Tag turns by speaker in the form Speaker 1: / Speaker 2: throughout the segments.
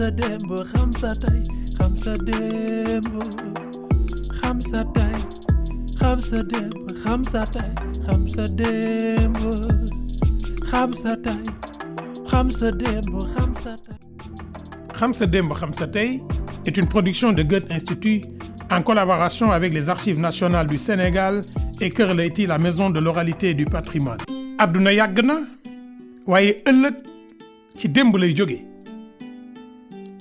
Speaker 1: sa xam sa tey xam sa tey une production de Goethe Institut en collaboration avec les Archives nationales du Sénégal et Kër Leyti la maison de l'oralité et du patrimoine. àdduna yàgg na waaye ci démb lay jóge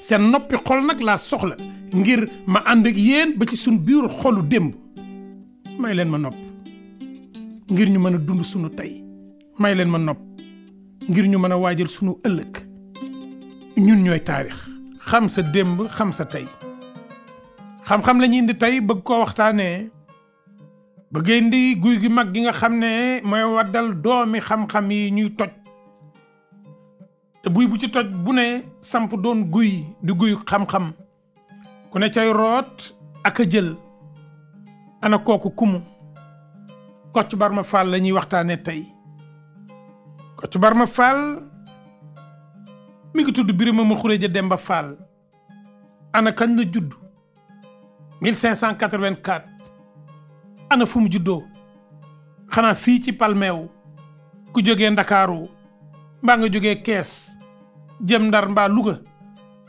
Speaker 1: seen noppi xol nag laa soxla ngir ma ànd ak yéen ba ci suñ biir xolu démb may leen ma nopp ngir ñu mën a dund sunu tey may leen ma nopp ngir ñu mën a waajal sunu ëllëg ñun ñooy taarix xam sa démb xam sa tey xam-xam la indi tey bëgg koo waxtaanee bëgg indi guy gi mag gi nga xam ne mooy waddal doomi xam-xam yi ñuy toj buy bu ci toj bu ne samp doon guy di guy xam-xam ku ne cay root ak a jël ana kooku kumu Kocc Barma Fall la ñuy waxtaane tey Kocc Barma Fall mi ngi tudd Birima ma Xureja Demba Fall ana kañ la judd 1584 ana fu mu juddoo xanaa fii ci Palmeew ku joge Ndakaaru mbaa nga jógee Kees jëm ndar mbaa Louga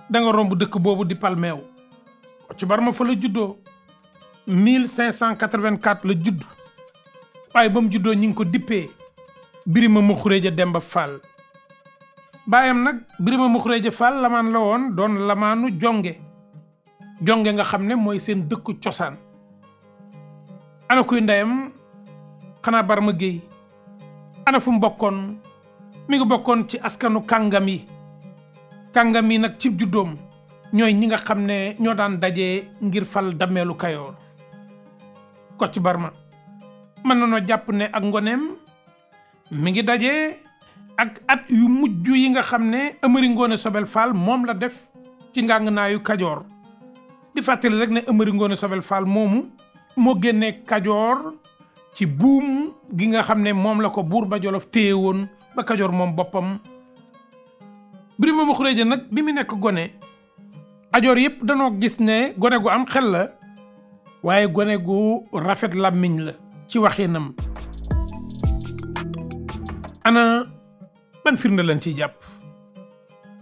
Speaker 1: da nga romb dëkk boobu di Palmeew Kocc Barma fa la juddoo 1584 la judd waaye ba mu juddoo ñi ngi ko dippee Birima Muxureeja Demba Fall baayam nag Birima Muxureeja Fall lamaan la woon doon lamaanu jonge jonge nga xam ne mooy seen dëkku cosaan ana kuy ndeyam xanaa Barma Géey ana fu mu bokkoon mi ngi bokkoon ci askanu kàngam yi kàngam yi nag ci juddoom ñooy ñi nga xam ne ñoo daan daje ngir fal dameelu kayoor Kocc Barma mën noo jàpp ne ak ngoneem mi ngi daje ak at yu mujj yi nga xam ne Amari Ngoone Sobel fal moom la def ci ngàngnaayu Kajoor fàttali rek ne Amari Ngoone Sobel Fall moomu moo génnee Kajoor ci buum gi nga xam ne moom la ko buur ba Jolof téye ba Kajoor moom boppam Birima Muxureja nag bi mu nekk gone ajoor yëpp danoo gis ne gone gu am xel la waaye gone gu rafet làmmiñ la ci waxinam ana ban firnde lañ ciy jàpp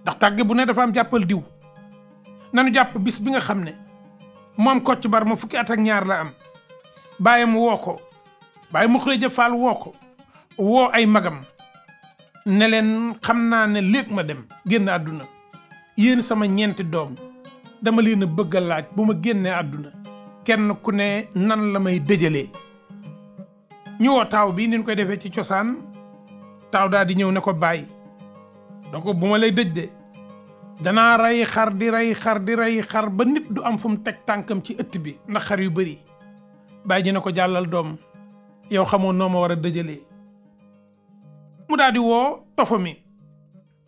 Speaker 1: ndax tàgge bu ne dafa am jàppal diw nanu jàpp bis bi nga xam ne moom bar ma fukki at ak ñaar la am bàyyam woo ko bàyyi Muxureja Faal woo ko woo ay magam ne leen xam naa ne léeg ma dem génn àdduna yéen sama ñeenti doom dama leen a laaj bu ma génnee àdduna kenn ku ne nan la may dëjalee ñu woo taaw bi ni ñu koy defee ci cosaan taaw daal di ñëw ne ko bàyyi donc bu ma lay dëj de danaa rey xar di rey xar di rey xar ba nit du am fu mu teg tànkam ci ëtt bi ndax xar yu bëri bàyyi ji ne ko jàllal doom yow xamoo noo ma war a dëjalee mu daal di woo tofo mi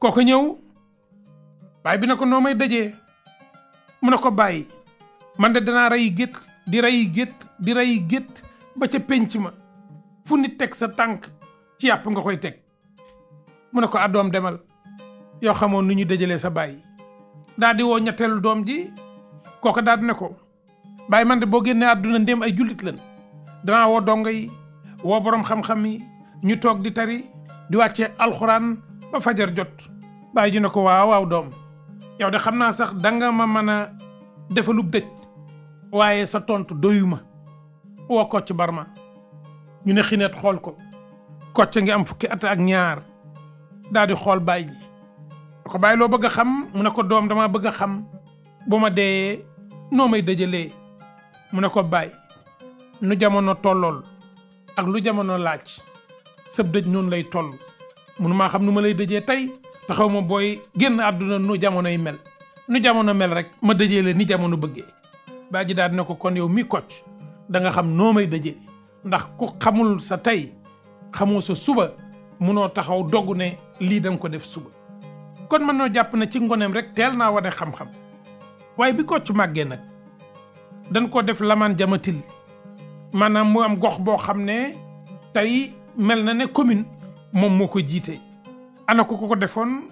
Speaker 1: kooku ñëw baay bi na ko noo may dajee mu ne ko bàyyi man de danaa rey gétt di rey gétt di rey gétt ba ca penc ma fu nit teg sa tànk ci yàpp nga koy teg mu ne ko addoom ah, demal yoo xamoon nu ñu dajalee sa baay daa woo ñetteelu doom ji kooku daal di ne ko bàyyi man de boo génnee àdduna ndéem ay jullit lan danaa woo dongo woo borom xam-xam yi ñu toog di tari di wàcce alxuraan ba fajar jot bàyyi ji ne ko waaw waaw doom yow de xam naa sax danga ma man a defalub dëj waaye sa tontu doyuma woo Kocc Barma ñu ne xineet xool ko Kocc ngi am fukki at ak ñaar daal di xool bàyyi ji ko bàyyi loo bëgg xam mu ne ko doom damaa bëgg a xam boo ma dee noo may dëjalee mu ne ko bàyyi nu jamono tollool ak lu jamono laaj sab dëj noonu lay toll munu maa xam nu ma lay dëjee tey te ma booy génn àdduna nu jamonoy mel nu jamono mel rek ma dëjee la ni jamono bëggee baa ji daal ne ko kon yow mi kocc danga xam noo may dëjee ndax ku xamul sa tey xamoo sa suba munoo taxaw dogg ne lii danga ko def suba kon mën noo jàpp na ci ngoneem rek teel naa wane xam-xam waaye bi kocc màggee nag dañ koo def lamaan jamatil maanaam mu am gox boo xam ne tey mel na ne commune moom moo ko jiite. ana ko ko ko defoon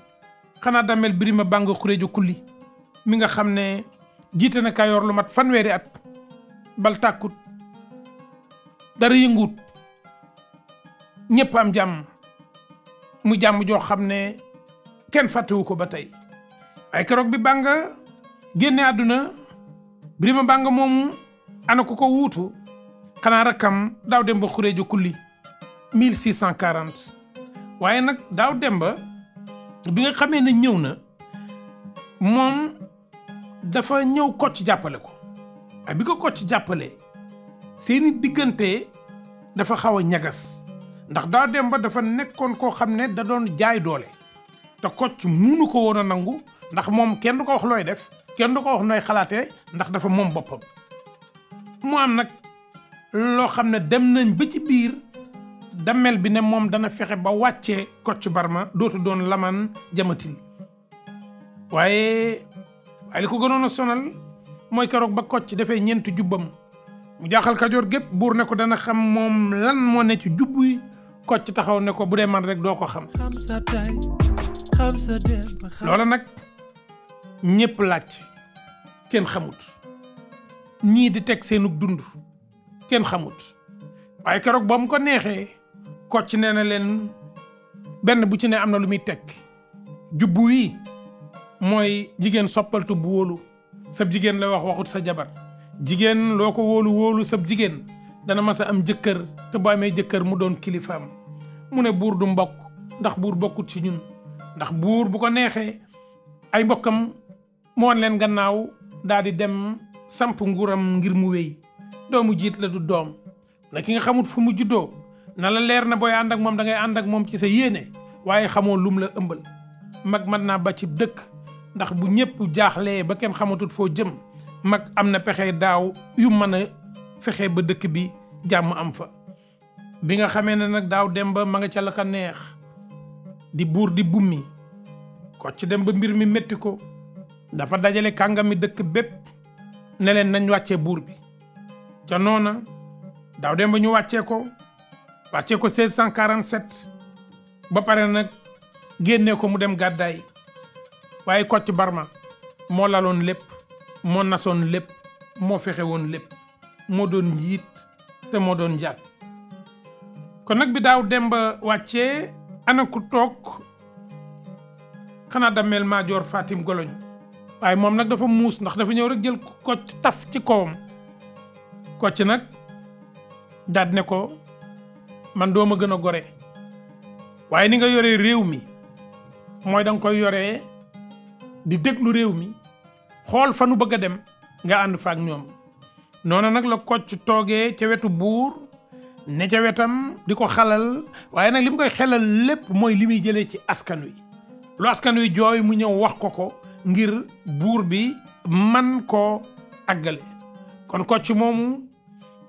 Speaker 1: xanaa Damel Birima Bang Xureejo Kulli mi nga xam ne jiite na Kayoor lu mat fanweeri at bal tàkkut dara yënguut ñëpp am jàmm mu jàmm joo xam ne kenn fàttewu ko ba tey ay keroog bi Bang génne àdduna Birima Bang moomu ana ko ko wuutu xanaa rakkam daaw dem ba Xureejo Kulli 1640 waaye nag daaw demba bi nga xamee ne ñëw na moom dafa ñëw Kocc jàppale ko ak ah, bi ko Kocc jàppale seeni diggante dafa xaw a ñagas ndax daaw demba dafa nekkoon koo xam ne da doon jaay doole te Kocc munu ko woon a nangu ndax moom kenn du ko wax looy def kenn du ko wax nooy xalaate ndax dafa moom boppam mu am nag loo xam ne dem nañ ba ci biir dammel bi ne moom dana fexe ba wàccee Kocc Barma dootu doon Laman Jamatil waaye waaye li ko gënoon a sonal mooy keroog ba Kocc defee ñeenti jubbam mu jaaxal Kajoor gépp buur ne ko dana xam moom lan moo ne ci jubbuy Kocc taxaw ne ko bu dee man rek doo ko xam loola nag ñépp laaj kenn xamut ñii di teg seenug dund kenn xamut waaye keroog ba mu ko neexee Kocc nee na leen benn bu ci ne am na lu muy tekki jubbu wi mooy jigéen soppaltu bu wóolu sab jigéen la wax waxut sa jabar jigéen loo ko wóolu wóolu sab jigéen dana mas a am jëkkër te bu amee jëkkër mu doon kilifaam mu ne buur du mbokk ndax buur bokkut ci ñun ndax buur bu ko neexee ay mbokkam mu wan leen gannaaw daal di dem samp nguuram ngir mu wéy mu jiit la du doom na ki nga xamut fu mu juddoo na leer na booy ànd ak moom da ngay ànd ak moom ci sa yéene waaye xamoo lum la ëmbal mag mën naa ba ci dëkk ndax bu ñëpp jaaxlee ba kenn xamatut foo jëm mag am na pexe daaw yu mën a fexe ba dëkk bi jàmm am fa. bi nga xamee ne nag daaw dem ba ma nga ca la ko neex di buur di bummi ko ci dem ba mbir mi métti ko dafa dajale kàngam mi dëkk bépp ne nañ wàccee buur bi ca noona daaw dem ba ñu wàccee ko. wàccee ko 1647 ba pare nag génnee ko mu dem gàddaay waaye Kocc Barma moo laloon lépp moo nasoon lépp moo fexe woon lépp moo doon njiit te moo doon njaat kon nag bi daaw Demba wàccee ana ku toog xanaa dammel Maajoor Fatim Goloñ waaye moom nag dafa muus ndax dafa ñëw rek jël Kocc taf ci kawam Kocc nag daat ne ko man doo ma gën a gore waaye ni nga yoree réew mi mooy da nga koy yore di déglu réew mi xool fa nu bëgg a dem nga ànd fa ak ñoom noonu nag la Kocc toogee ca wetu buur ne ca wetam di ko xalal waaye nag li mu koy xelal lépp mooy li muy jëlee ci askan wi lu askan wi jooy mu ñëw wax ko ko ngir buur bi man koo àggale kon Kocc moomu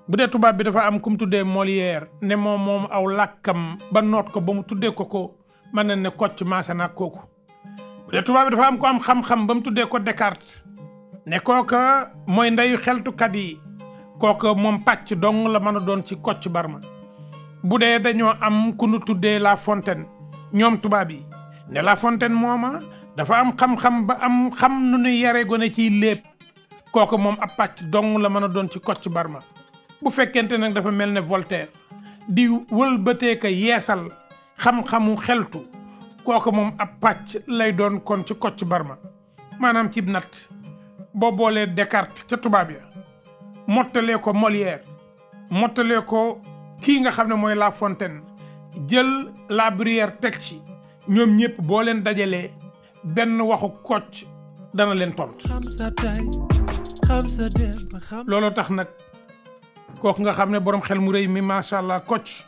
Speaker 1: bu dee tubaab bi dafa am kum tuddee Molière ne moom moom aw làkkam ba noot ko ba mu tuddee ko ko mën na ne kocc maase naag kooku bu dee tubaab bi dafa am ko am xam-xam ba mu tuddee ko Descartes ne kooka mooy ndeyu xeltukat yi kooka moom pàcc dong la mën a doon ci kocc barma bu dee dañoo am ku nu tuddee La Fontaine ñoom tubaab yi ne La Fontaine mooma dafa am xam ba am xam nu gone ciy léeb kooka moom ab pàcc dong la mën a doon ci kocc barma bu fekkente nag dafa mel ne Voltaire di wëlbatee ka yeesal xam-xamu xeltu kooku moom ab pàcc lay doon kon ci Kocc Barma maanaam cib nat boo boolee Descartes ca tubaab ya mottalee ko Molière mottalee ko kii nga xam ne mooy La Fontaine jël La Bruyère teg ci ñoom ñëpp boo leen dajalee benn waxu Kocc dana leen tontu looloo tax nag kooku nga xam ne borom xel mu rëy mi macha allah Kocc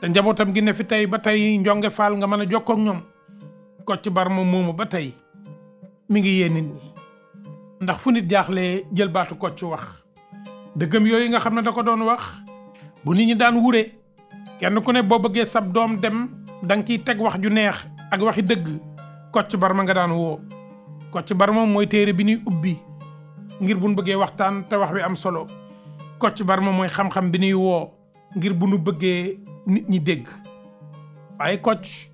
Speaker 1: te njabootam gi ne fi tey ba tey njonge faal nga mën a jokkoo ak ñoom Kocc Barma moomu ba tey mi ngi yee nit ndax fu nit jaaxle jëlbaatu baatu Kocc wax dëggam yooyu nga xam ne da ko doon wax bu nit ñi daan wure kenn ku ne boo bëggee sab doom dem da ciy teg wax ju neex ak waxi dëgg Kocc Barma nga daan woo Kocc Barma mooy téere bi ñuy ubbi ngir buñ bëggee waxtaan te wax wi am solo Kocc Barma mooy xam-xam bi nuy woo ngir bu nu bëggee nit ñi dégg ay Kocc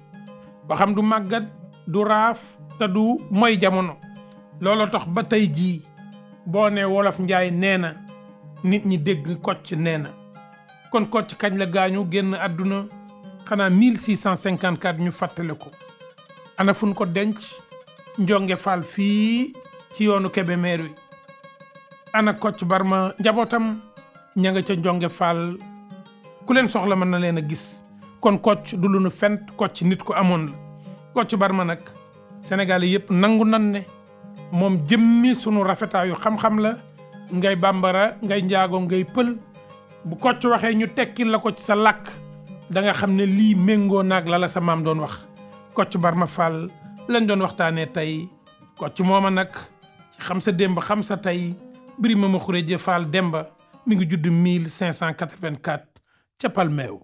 Speaker 1: waxam du màggat du raaf te du moy jamono looloo tax ba tey jii boo nee wolof njaay nee na nit ñi dégg Kocc nee na kon Kocc kañ la gaañu génn àdduna xanaa 1654 ñu fàttale ko ana fuñ ko denc njonge faal fii ci yoonu Kébémer wi ana Kocc Barma njabootam ña nga ca Njonge Fall ku leen soxla mën na leen a gis kon Kocc du lu nu fent Kocc nit ku amoon la Kocc Barma nag Sénégal yëpp nangu nan ne moom jëmmi sunu rafetaayu xam-xam la ngay bàmbara ngay njaago ngay pël bu Kocc waxee ñu tekki la ko ci sa làkk da nga xam ne lii méngoo nag la sa maam doon wax Kocc Barma Fall lañ doon waxtaanee tey Kocc mooma nag ci xam sa démb xam sa tey Birima Moukhouredia Fall Demba mi ngi judd 1584 ca Palmeew.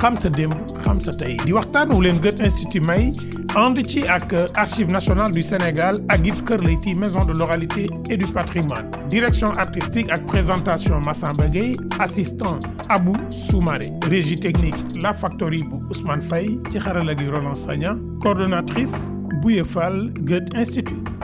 Speaker 1: xam sa démb xam sa tey di waxtaan wu leen Goethe Institut may ànd ci ak Archives nationales du Sénégal ak it Kër Leyti maison de l'oralité et du patrimoine direction artistique ak présentation Massamba Gueye assistant Abou Soumaré régie technique La Factory bu Ousmane Faye ci xarala gi Roland Sagna coordonnatrice Bouye Goethe Institut